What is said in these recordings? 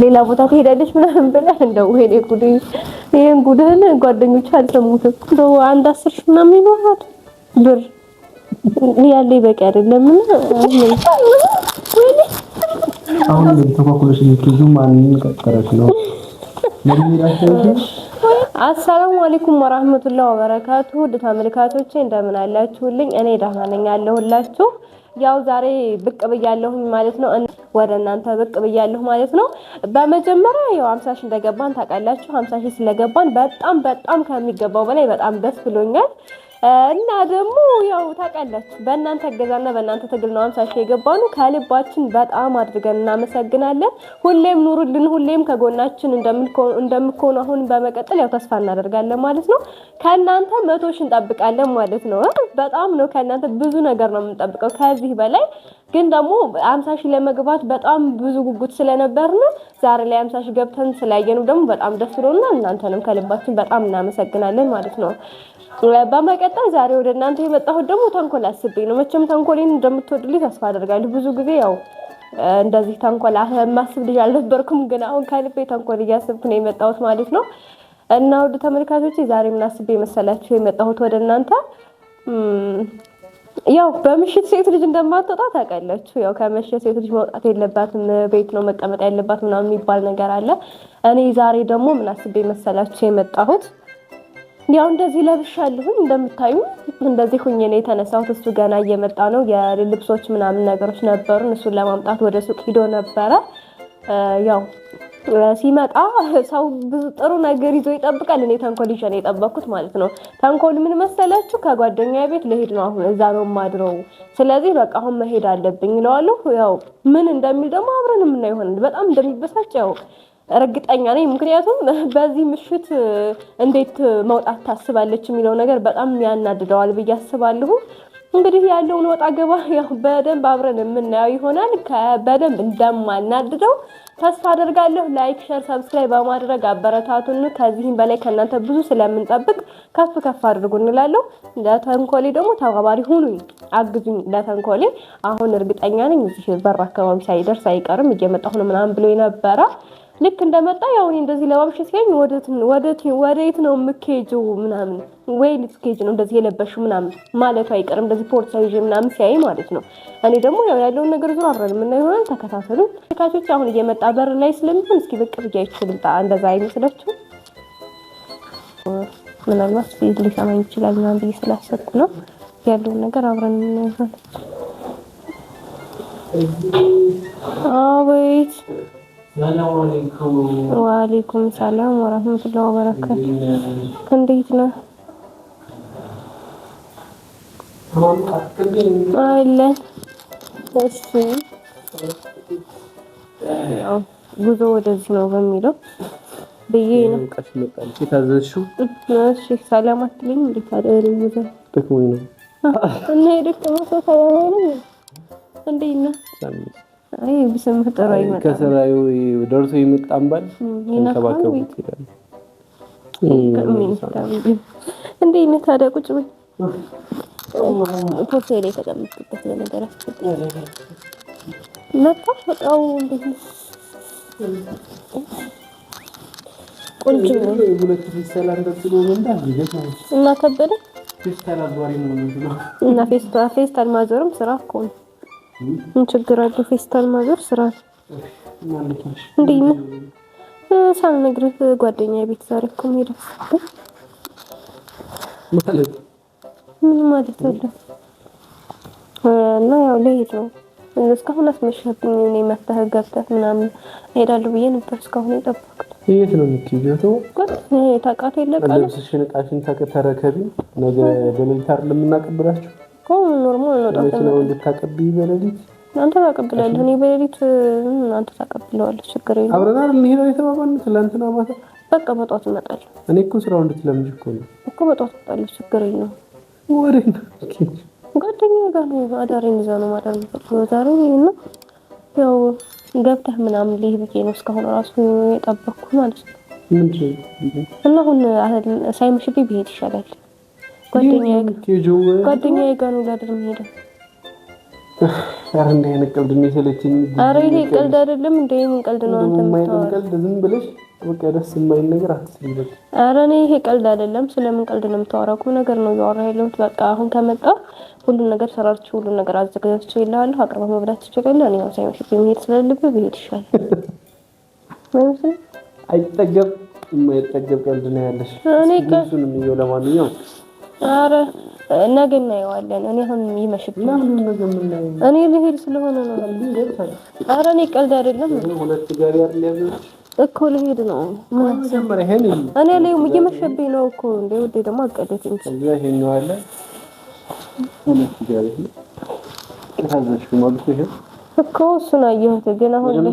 ሌላ ቦታ ትሄዳለች ምናምን ብለህ እንደው ወይኔ ጉድ፣ ይሄን ጉድህን ጓደኞች አልሰሙትም። እንደው አንድ አስር ሺህ ምናምን ይኖራል ብር ያለ ይበቂ አይደለም። አሁን ግን ተኳኩሎሽ ማን ቀጠረች ነው። አሰላሙ አለይኩም ወራህመቱላሂ ወበረካቱ። ውድ ተመልካቾቼ እንደምን አላችሁልኝ? እኔ ደህና ነኝ አለሁላችሁ። ያው ዛሬ ብቅ ብያለሁኝ ማለት ነው። ወደ እናንተ ብቅ ብያለሁ ማለት ነው። በመጀመሪያ ያው 50 ሺህ እንደገባን ታውቃላችሁ። 50 ሺህ ስለገባን በጣም በጣም ከሚገባው በላይ በጣም ደስ ብሎኛል። እና ደግሞ ያው ታውቃላችሁ በእናንተ እገዛና በእናንተ ትግል ነው አምሳ ሺህ የገባኑ። ከልባችን በጣም አድርገን እናመሰግናለን። ሁሌም ኑሩልን፣ ሁሌም ከጎናችን እንደምትሆኑ አሁን በመቀጠል ያው ተስፋ እናደርጋለን ማለት ነው። ከእናንተ መቶ ሺህ እንጠብቃለን ማለት ነው። በጣም ነው ከእናንተ ብዙ ነገር ነው የምንጠብቀው ከዚህ በላይ ግን ደግሞ አምሳ ሺህ ለመግባት በጣም ብዙ ጉጉት ስለነበር ነው ዛሬ ላይ አምሳ ሺህ ገብተን ስላየነው ደግሞ በጣም ደስ ብሎና እናንተንም ከልባችን በጣም እናመሰግናለን ማለት ነው። በመቀጠል ዛሬ ወደ እናንተ የመጣሁት ደግሞ ተንኮል አስቤ ነው። መቼም ተንኮሌን እንደምትወድል ተስፋ አደርጋለሁ። ብዙ ጊዜ ያው እንደዚህ ተንኮል ማስብ ልጅ አልነበርኩም፣ ግን አሁን ከልቤ ተንኮል እያስብኩ ነው የመጣሁት ማለት ነው። እና ውድ ተመልካቾች ዛሬ ምን አስቤ መሰላችሁ የመጣሁት ወደ እናንተ ያው በምሽት ሴት ልጅ እንደማትወጣ ታውቃላችሁ። ያው ከመሸ ሴት ልጅ መውጣት የለባትም ቤት ነው መቀመጥ ያለባት ምናምን የሚባል ነገር አለ። እኔ ዛሬ ደግሞ ምን አስቤ መሰላችሁ የመጣሁት ያው እንደዚህ ለብሻለሁኝ እንደምታዩ እንደዚህ ሁኜ ነው የተነሳሁት። እሱ ገና እየመጣ ነው። የልብሶች ምናምን ነገሮች ነበሩ። እሱን ለማምጣት ወደ ሱቅ ሂዶ ነበረ ያው ሲመጣ ሰው ብዙ ጥሩ ነገር ይዞ ይጠብቃል። እኔ ተንኮል ይዤ ነው የጠበቅኩት ማለት ነው። ተንኮል ምን መሰላችሁ? ከጓደኛ ቤት ልሄድ ነው አሁን፣ እዛ ነው የማድረው። ስለዚህ በቃ አሁን መሄድ አለብኝ ይለዋለሁ። ያው ምን እንደሚል ደግሞ አብረን የምናየው ይሆናል። በጣም እንደሚበሳጭ ያው እርግጠኛ ነኝ። ምክንያቱም በዚህ ምሽት እንዴት መውጣት ታስባለች የሚለው ነገር በጣም ያናድደዋል ብዬ አስባለሁ። እንግዲህ ያለውን ወጣ ገባ ያው በደንብ አብረን የምናየው ይሆናል። በደንብ እንደማናድደው ተስፋ አደርጋለሁ። ላይክ፣ ሼር፣ ሰብስክራይብ በማድረግ አበረታቱን። ከዚህም በላይ ከእናንተ ብዙ ስለምንጠብቅ ከፍ ከፍ አድርጉ እንላለሁ። ለተንኮሌ ደግሞ ተባባሪ ሁኑኝ፣ አግዙኝ። ለተንኮሌ አሁን እርግጠኛ ነኝ እዚህ በር አካባቢ ሳይደርስ አይቀርም እየመጣሁ ነው ምናምን ብሎ የነበረ ልክ እንደመጣ ያው እንደዚህ ለባብሽ ሲሄድ ወደ የት ነው የምትሄጂው ምናምን ወይ ልትኬጅ ነው እንደዚህ የለበሽው ምናምን ማለቱ አይቀርም። እንደዚህ ፖርት ይዤ ምናምን ሲያይ ማለት ነው። እኔ ደግሞ ያው ያለውን ነገር ዙር አብረን የምና ይሆናል። ተከታተሉ ተካቾች። አሁን እየመጣ በር ላይ ስለሚሆን እስኪ ብቅ ብዬ አይቼ ልምጣ። እንደዛ አይመስላችሁ? ምናልባት ሊሰማኝ ይችላል ምናምን ብዬ ስላሰብኩ ነው። ያለውን ነገር አብረን የምና ይሆናል። አቤት ወአለይኩም ሰላም ወራህመቱላሂ ወበረካቱ። እንዴት ነህ? አለን። እሺ ጉዞ ወደዚህ ነው በሚለው ብዬ ነው። ሰላም እንዴት ደክሞኝ ነው እና የደከመ ሰው ሰላም እንዴት አይ ብስምህ ጥሩ ደርሶ ይመጣም ባል ተንከባከቡት ይላል። እንዴ ታዲያ ቁጭ በይ ላይ ተቀምጥበት። ለነገራችን መጣ እቃው እንዴት ነው? እና ከበደ ፌስታል ማዞርም ስራ እኮ ነው ችግር አለው። ፌስታል ማዞር ስራ እንዴት ነው? ሳልነግርህ ጓደኛ ቤት ዛሬ እኮ ሄደ ማለት ምን ማለት ነው? እና ያው ልሄድ ነው። እስካሁን አስመሸብኝ። እኔ መተህ ገብተህ ምናምን እሄዳለሁ ብዬ ነበር። እስካሁን የጠበኩት የት ነው የምትይዘው? ታውቃት የለ ቃል ልብስሽን፣ ተረከቢ። ነገ በሌሊት አይደለም ኖርማል በሌሊት አንተ ታቀብላለህ፣ እኔ በሌሊት አንተ ታቀብለዋለህ። ችግር የለም። አብረን አይደል እንሄዳው የተባባልን ትናንትና ማታ። በቃ እመጣለሁ። እኔ እኮ ስራው እንድትለምጂ እኮ ነው እኮ። እመጣለሁ። ችግር የለም። ወሬ ነው። ጋር ነው አዳሬን እዛ ነው ዛሬ እና ያው ገብተህ ምናምን ብዬ ነው እስካሁን ማለት ነው። እና አሁን ሳይመሽብኝ ብሄድ ይሻላል። ጓደኛዬ ጋር ነው ላድር የምሄደው። ኧረ እንደ ቀልድ ነው ኧረ ይሄ ቀልድ አይደለም። እንደ ምን ቀልድ ነው አንተ የምታወራው? ቀልድ ዝም ብለሽ በቃ ደስ የማይል ነገር አትስልኝ። ኧረ እኔ ይሄ ቀልድ አይደለም። ስለምን ቀልድ ነው የምታወራው? ቁም ነገር ነው እያወራሁ ያለሁት። በቃ አሁን ከመጣ ሁሉን ነገር ሰራርቼ ሁሉን ነገር አዘጋጅቼ ይልሃለሁ። አቅርበህ መብላት ትችላለህ። እኔ ያው ሳይመሽ መሄድ ስለሌለብህ ብሄድ ይሻላል። አይጠገብ የማይጠገብ ቀልድ ነው ያለሽ። እኔ ቀልድ ለማንኛውም አረ ነገ እናየዋለን። እኔ አሁን ይመሽብኝ፣ እኔ ልሄድ ስለሆነ ነው። አረ እኔ ቀልድ አይደለም እኮ ልሄድ ነው። እኔ ላይ እየመሸብኝ ነው እኮ እንደ ውዴ ደግሞ አቀደት እኮ እሱን አየሁት፣ ግን አሁን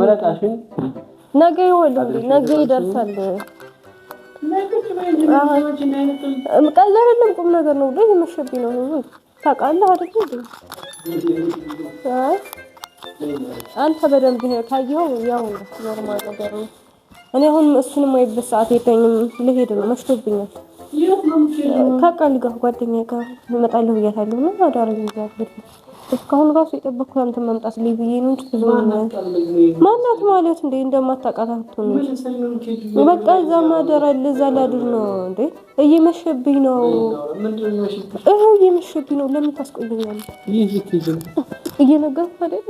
ነገ ይወል ነገ ይደርሳል። ቀልድ አይደለም፣ ቁም ነገር ነው። ግን የመሸብኝ ነው ነው ታውቃለህ አይደል? አንተ በደንብ ካየኸው ያው ኖርማል ነገር ነው። እኔ አሁን እሱንም ማይበት ሰዓት የለኝም፣ ልሄድ ነው፣ መሽቶብኛል። ከቀልድ ጋር ጓደኛዬ ጋር እመጣለሁ ብያታለሁ ነው አዳር ይዛት እስካሁን ራሱ የጠበቅኩ ያንተ መምጣት ላይ ብዬ ነው እንጂ ብዙ ማናት ማለት እንዴ እንደማታቃታቱ ነው። በቃ እዛ ማደራ አለ ላድር ነው እንዴ። እየመሸብኝ ነው እህ እየመሸብኝ ነው። ለምን ታስቆይኛለህ? እየነገርኩህ አይደል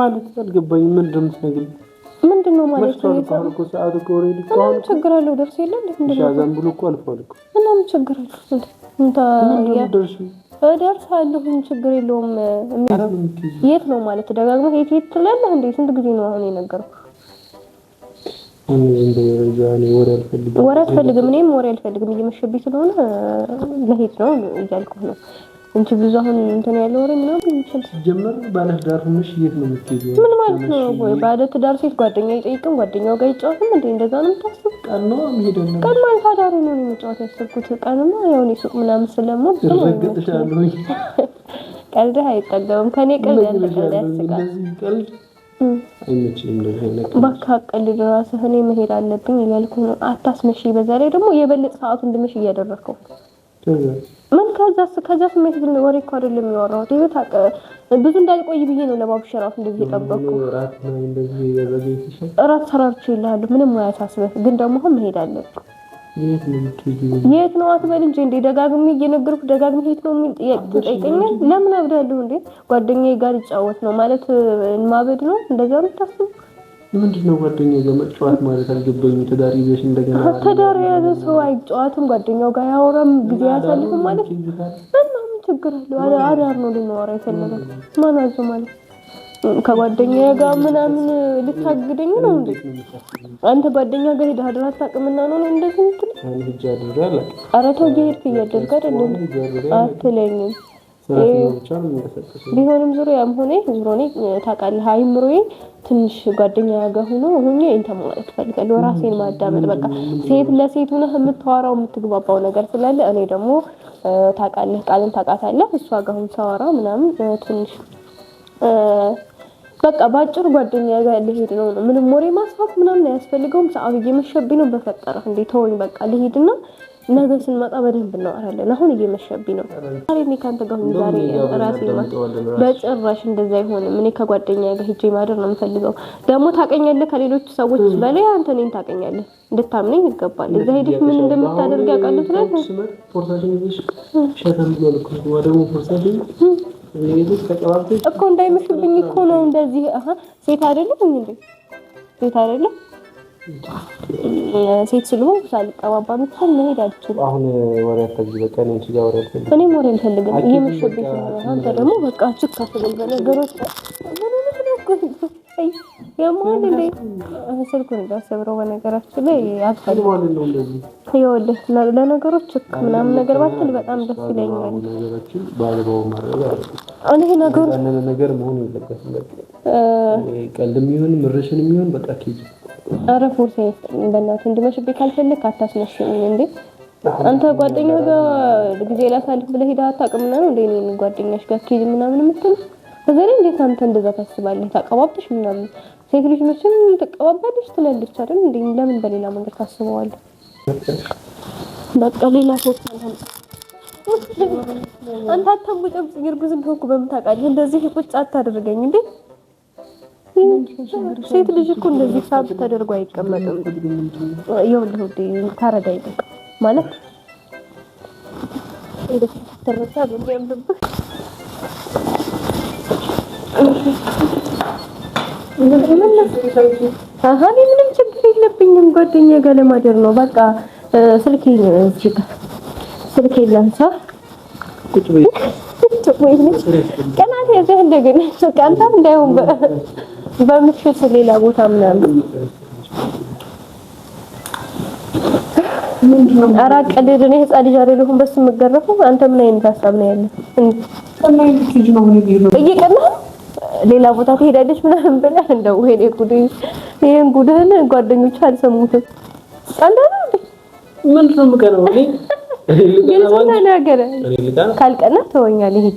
ማለት አልገባኝም። ምንድን ነው ምንድን ነው ማለት ነው? ምን ችግር አለው? ደርስ የለ እንዴ እንደዛ ብሎ እኮ አልፏል እኮ እና ምን ችግር አለው? እደርሳለሁኝ ችግር የለውም። የት ነው ማለት ደጋግመህ የት የት ትላለህ እንዴ? ስንት ጊዜ ነው አሁን የነገርኩህ? ወሬ አልፈልግም፣ እኔም ወሬ አልፈልግም። እየመሸብኝ ስለሆነ ለሄድ ነው እያልኩህ ነው እንቺ ብዙ አሁን እንትን ያለ ወሬ ምናምን እንችል ሲጀመር ባለትዳር ሆነሽ የት ነው የምትሄጂው? ምን ማለት ነው? ወይ ባለትዳር ሴት ጓደኛ ይጠይቅም ጓደኛው ጋር ይጫወትም እንዴ? እንደዛ ነው የምታስብ? ቀን ነው መሄድ ነው ቀን ማለት አዳሪ ነው መጫወት ያሰብኩት። ቀንማ ያው ሱቅ ምናምን ስለማ ረግጥሻለሁኝ። ቀልድህ አይጠገብም ከኔ ቀልድ ያለ ቀልድ ያስቃል። ቀልድ በቃ ቀልድ ራስህ እኔ መሄድ አለብኝ እያልኩ ነው። አታስመሽ። በዛ ላይ ደግሞ የበለጠ ሰዓቱ እንድመሽ እያደረግከው ምን ከዛ ስሜት ግን ወሬ እኮ አይደለም የሚወራሁት። ብዙ እንዳልቆይ ብዬ ነው ለባብሽ ራሱ እንደዚህ የጠበቅኩ። እራት ሰራርቼ እልሃለሁ፣ ምንም አያሳስበት። ግን ደግሞ አሁን መሄድ አለብን። የት ነው አትበል እንጂ እንዴ! ደጋግሜ እየነገርኩ ደጋግሜ የት ነው የሚል ጥያቄ ትጠይቀኛል። ለምን አብዳለሁ እንዴ? ጓደኛዬ ጋር ይጫወት ነው ማለት ማበድ ነው እንደዚያ ነው የምታስበው ለምንድን ነው ጓደኛ ጋር መጫወት ማለት አልገባኝም። ትዳር ይዘሽ እንደገና ትዳር የያዘ ሰው አይጫወትም፣ ጓደኛው ጋር ያወራም ጊዜ አያሳልፍም ማለት ምንም ችግር አለው። አዳር ነው ልናወራ የፈለገው ማን አዞ ማለት ከጓደኛ ጋር ምናምን ልታግደኝ ነው እንዴ? አንተ ጓደኛ ጋር ሄደህ አድረህ አታውቅምና ነው ነው እንደዚህ ምትል? ኧረ ተው እየሄድክ እያደረግህ አይደለም አትለኝም ቢሆንም ዙሮ ያም ሆነ ዙሮ እኔ ታውቃለህ አይምሮዬ ትንሽ ጓደኛ ጋር ሆኖ ሆኜ እንትን ማለት እፈልጋለሁ። ራሴን ማዳመጥ በቃ ሴት ለሴት ሆነህ የምታወራው የምትግባባው ነገር ስላለ እኔ ደግሞ ታውቃለህ፣ ቃልን ታውቃታለህ እሷ ጋር አሁን ሳወራ ምናምን ትንሽ በቃ በአጭር ጓደኛ ጋር ልሄድ ነው ነው ምንም ወሬ ማስፋት ምናምን አያስፈልገውም። ሰዓቱ እየመሸብኝ ነው። በፈጠረ እንዴ ተወኝ፣ በቃ ልሄድና ነገ ስንመጣ በደንብ እናወራለን። አሁን እየመሸብኝ ነው። ዛሬ እኔ ከአንተ ጋር ሁኝ። ዛሬ ራሴ በጭራሽ እንደዛ አይሆንም። እኔ ከጓደኛ ጋር ሂጄ ማደር ነው የምፈልገው። ደግሞ ታቀኛለህ፣ ከሌሎች ሰዎች በላይ አንተ እኔን ታቀኛለህ። እንድታምነኝ ይገባል። እዛ ሄደሽ ምን እንደምታደርግ ያውቃሉ ትላለህ እኮ እንዳይመሽብኝ እኮ ነው እንደዚህ ሴት አይደለም ሴት አይደለም ሴት ስለሆንኩ ሳልቀባባ ብቻ መሄድ አልችልም። አሁን ወሬ አታግቢ፣ በቃ እኔ ጋር ወሬ አልፈልግም። እኔም ወሬ አልፈልግም። እየመሸብኝ ስለሆነ አንተ ደግሞ በቃ አትካፈልም በነገሮች ስልኩን እንዳሰብረው በነገራችን ላይ አልፈልግም። ለነገሮች ምናምን ነገር ባትል በጣም ደስ ይለኛል። ነገሮች ነገር መሆን የለበትም በቃ ቀልድም ይሁን ምርሽን ይሁን በቃ ኬጅ አረ ፎርሴ አይስጠኝም። በእናትህ እንድመሽብኝ ካልፈለግ አታስነሽኝ እንዴ! አንተ ጓደኛ ጋር ጊዜ ላሳልፍ ብለህ ሄደህ አታውቅምና ነው እንዴ እኔ ጓደኛሽ ጋር ኬጅ ምናምን የምትል በዛ ላይ እንዴት አንተ እንደዛ ታስባለህ? ታቀባብሽ ምናምን ሴት ልጅ መቼም ትቀባባለች ትላለች አይደል እንዴ? ለምን በሌላ መንገድ ታስበዋለህ? በቃ ሌላ ሶስት አንተ አታንጎጫም። እርጉዝ እንደሆንኩ በምን እንደዚህ ቁጭ አታደርገኝ እንዴ! ሴት ልጅ እኮ እንደዚህ ሳብ ተደርጎ አይቀመጥም። ይኸውልህ ውዴ ታረዳኝ ማለት ተረሳ በሚያምርብህ እኔ ምንም ችግር የለብኝም። ጓደኛ ጋር ለማደር ነው በቃ ስልኬ ስልኬ ላንሳ ቁጭ በይ ቀናት ያዘህ እንደገና ቀንታ እንዳይሆን በምሽት ሌላ ቦታ ምናምን ኧረ ቀልድ ነው። ህፃን ልጅ አይደለሁም። በሱ የምገረፈው አንተ ምን አይነት ሀሳብ ነው ያለህ? እየቀናህ ሌላ ቦታ ትሄዳለች ምናምን ብለህ እንደው ወይኔ ጉድ! ይሄን ጉድህን ጓደኞች አልሰሙትም። ቀልድ ነው እንዴ? ምን ነው የምቀናው እኔ? ተወኛል ይሄድ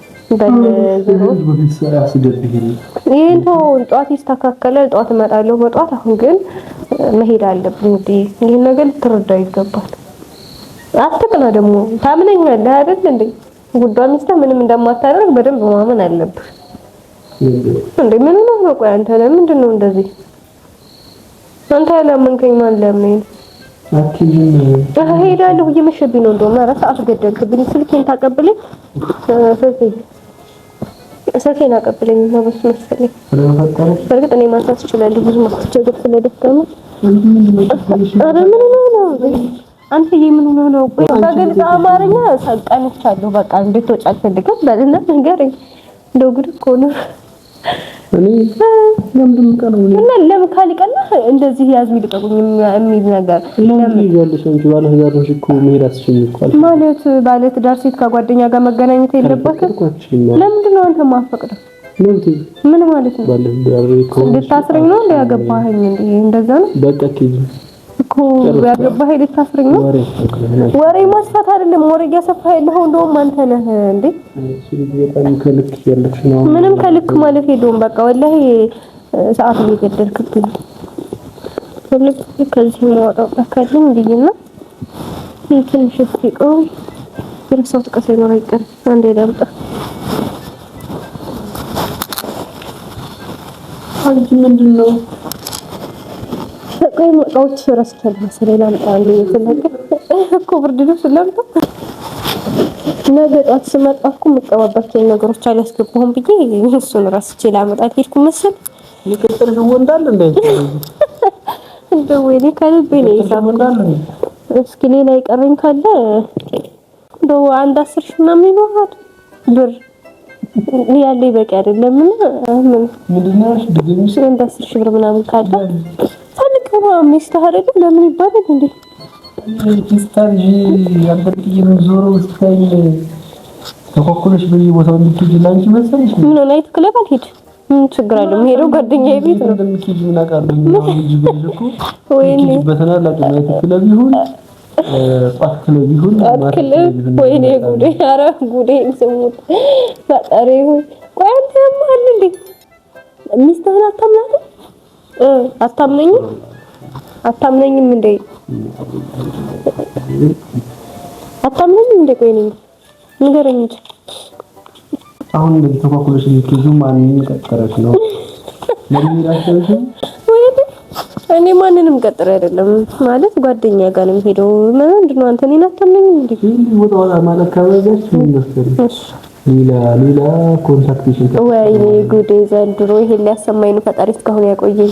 ይህን ተው፣ ጠዋት ይስተካከላል። ጠዋት እመጣለሁ በጠዋት። አሁን ግን መሄድ አለብኝ። ይህን ነገር ልትረዳው ይገባል። አትቅና ደግሞ ታምነኛለህ አይደል እንዴ? ጉዷ ሚስትህ ምንም እንደማታደርግ በደንብ ማመን አለብህ እንዴ። ምን ነው ነው? ቆይ አንተ ለምንድን ነው እንደዚህ? አንተ ያላመንከኝ ማን ለምን እሄዳለሁ። እየመሸብኝ ነው። እንደውም ኧረ ሰዓቱ ገደልክብኝ። ስልኬን ታቀብለኝ፣ ስልኬን አቀብለኝ ነው መሰለኝ። በእርግጥ እኔ ማንሳት እችላለሁ ብዙ ማስቸገር ስለደከመ። ኧረ ምን ነው ነው አንተ የምን ነው ነው? ቆይ በግልጽ አማርኛ ሰቀንቻለሁ። በቃ እንድትወጪ አልፈልግም በልና ንገረኝ። እንደው ጉድ እኮ ነው እኔ ለምንድን እንደዚህ ያዝ የሚልቀቁኝ የሚል ነገር ማለት ባለ ሴት ከጓደኛ ጋር መገናኘት የለባትም። ለምንድን ነው አንተ የማፈቅደው? ምን ማለት ነው? ባለ ትዳር ነው እንደ ያገባኸኝ እንደዛ ነው በቃ እኮ ያገባህ ሄደህ ታስረኝ ነው። ወሬ ማስፋት አይደለም፣ ወሬ እያሰፋህ ያለኸው እንደውም አንተ ነህ እንዴ። ምንም ከልክ ማለት የለውም። በቃ ወላሂ ሰዓት እየገደልክብኝ ከልክ ከዚህ የሚወጣው ካለኝ እንዲና ትንሽ ፍቅሩ የረሳሁት ቀስ ይኖር አይቀር አንዴ ላምጣ። አንቺ ምንድን ነው ቆይ እቃዎች ረስቻለሁ መሰለኝ ላምጣ እኮ ብርድ ልብስ ላምጣ። ነገ ጠዋት ስመጣ እኮ የምቀባባቸውን ነገሮች አላስገባሁም ብዬ እሱን ረስቼ ላመጣ ሄድኩ መሰለኝ። እንደው ወይኔ ከልቤ ነው የሳምኩት። እስኪ ሌላ የቀረኝ ካለ እንደው አንድ አስር ሺህ ምናምን ይኖራል ብር ያለ ይበቂ አይደለም ምን ምን ነው አንድ አስር ሺህ ብር ምናምን ካለ ሚስት አደረገ ለምን ይባላል እንዴ? ኪስታን ያበልጥይ ዞሮ ስታይ ተኮኩለሽ በየቦታው እንድትሄጂ ላንቺ መሰለሽ። ምን ናይት ክለብ አልሄድ ምን ችግር አለው? የምሄደው ጓደኛዬ ቤት ነው። እንደምትሄጂ ምን አውቃለሁ? ወይኔ በተናላቅ ናይት ክለብ ይሁን ወይኔ ጉዴ! ኧረ ጉዴ! ስሙት ፈጣሪ ቆይ አንተ እንዴ? ሚስትህን አታምናትም? አታምነኝም አታምነኝም እንዴ? አታምነኝም እንዴ? ቆይ ነኝ ንገረኝ እንጂ አሁን እንደዚህ ተኳኩለሽ ልትይዙ ማንን ቀጠረሽ ነው? ለምን እኔ ማንንም ቀጥሬ አይደለም ማለት ጓደኛ ጋር ነው ሄዶ ምንድን ነው አንተ እኔን አታምነኝም እንዴ? ወጣ ወጣ ማለት ሌላ ሌላ ኮንታክቴሽን ወይ ጉዴ ዘንድሮ ይሄን ሊያሰማኝ ነው ፈጣሪ እስካሁን ያቆየኝ።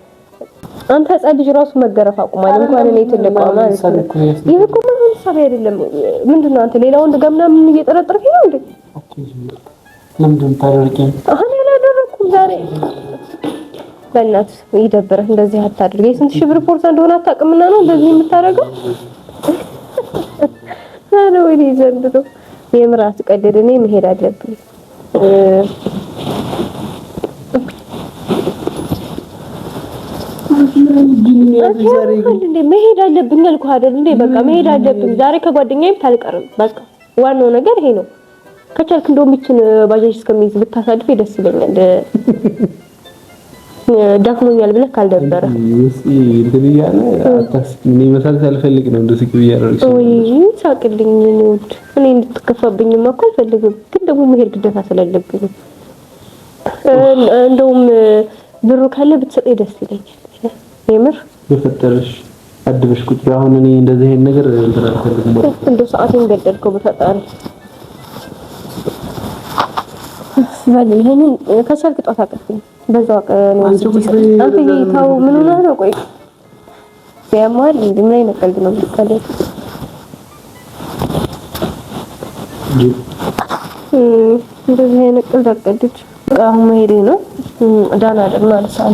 አንተ ህጻን ልጅ ራሱ መገረፍ አቁማል። እንኳን እኔ ትልቅ ማለት ነው። ይሄ እኮ ምንም ሀሳብ አይደለም። ምንድን ነው አንተ ሌላ ወንድ ጋር ምናምን እየጠረጠርክ ነው እንዴ? ምንድን ታደርጊ? አሁን አላደረኩም ዛሬ። በእናት ይደብረ። እንደዚህ አታድርግ። የስንት ሺህ ብር ፖርታ እንደሆነ አታውቅምና ነው እንደዚህ የምታደርገው? አረ ወይኔ ዘንድሮ የምር አትቀልድ። እኔ መሄድ አለብኝ። መሄድ አለብኝ አልኩህ አይደል? እንዴ በቃ መሄድ አለብኝ ዛሬ ከጓደኛዬም ታልቀርም። በቃ ዋናው ነገር ይሄ ነው። ከቻልክ እንደውም ይችን ባጃጅ እስከሚይዝ ብታሳልፍ ደስ ይለኛል። ደክሞኛል ብለህ ካልነበረ እንትን እያለ ሳቅልኝ ንውድ እኔ እንድትከፋብኝማ እኮ አልፈልግም፣ ግን ደግሞ መሄድ ግዴታ ስላለብኝ እንደውም ብሩ ካለ ብትሰጠኝ ደስ ይለኛል። የምር በፈጠረሽ አድበሽ ቁጭ። አሁን እኔ እንደዚህ አይነት ነገር እንትን አልፈልግም። እንደው ሰዓቴን ገደልከው በፈጣሪ። ይሄንን ከቻልክ ጧት አቀፍኝ። በዛው ነው ምን ነው? ቆይ ያማል እንዴ? ምን አይነት ቀልድ ነው የምትቀልደው? እንደዚህ አይነት ቀልድ አሁን መሄዴ ነው ዳና ደግሞ አልሳል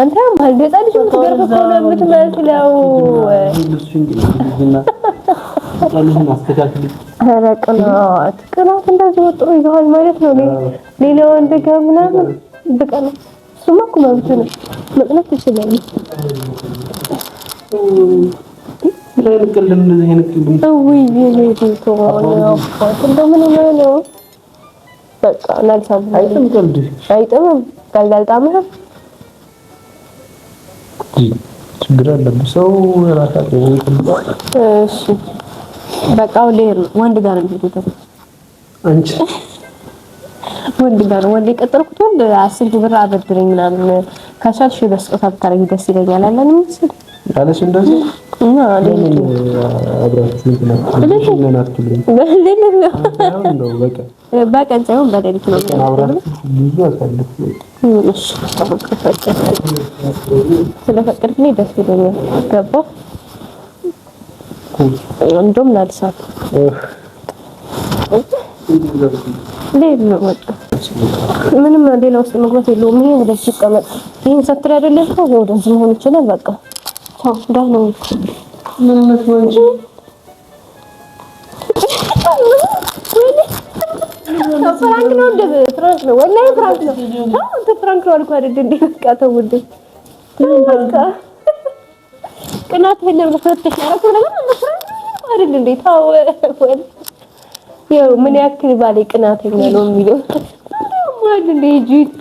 አንተ ማለት ህፃን ልጅ የምትገርም እኮ ነው የምትመስለው። ኧረ ቅናት ቅናት እንደዚህ ወጥሮ ይዘዋል ማለት ነው። ሌላ ወንድ ጋር ምናምን ብቀና እሱማ እኮ መብት ነው፣ መቅናት ይችላል። እንደው ነው ሆነ ነው በቃ ናልሳም አይጥም ከልድ አይጥም ቀልድ አልጣምህም። ችግር አለብህ። ሰው እሺ፣ በቃ ወንድ ጋር ነው አንቺ ወንድ ጋር ወንድ የቀጠርኩት ወንድ አስር ብር አበድረኝ ምናምን ከቻልሽ በስጦታ ብታረጊ ደስ ይለኛል አለን ምስል አለሽ እንደዚህ አብራችሁ በቀን ሳይሆን በሌሊት ነው። ስለፈቀድክልኝ ደስ ይለኛል። ነው ምንም ሌላ ውስጥ መግባት የለውም። ይሄ ወደዚህ ይቀመጥ። ይሄን ሰትር አይደለም ወደዚህ መሆን ይችላል በቃ ፍራንክ ነው እንደ ፍራንክ ነው ወላሂ ፍራንክ ነው። አንተ ፍራንክ ነው አልኩህ አይደል? እንደ በቃ ተው እንደ በቃ ቅናትህን ለምን ፈተሽ ማለት ነው? ለምን ፍራንክ ነው አይደል? ያው ምን ያክል ባሌ ቅናተኛ ነው የሚለው ማለት እንደ ጂት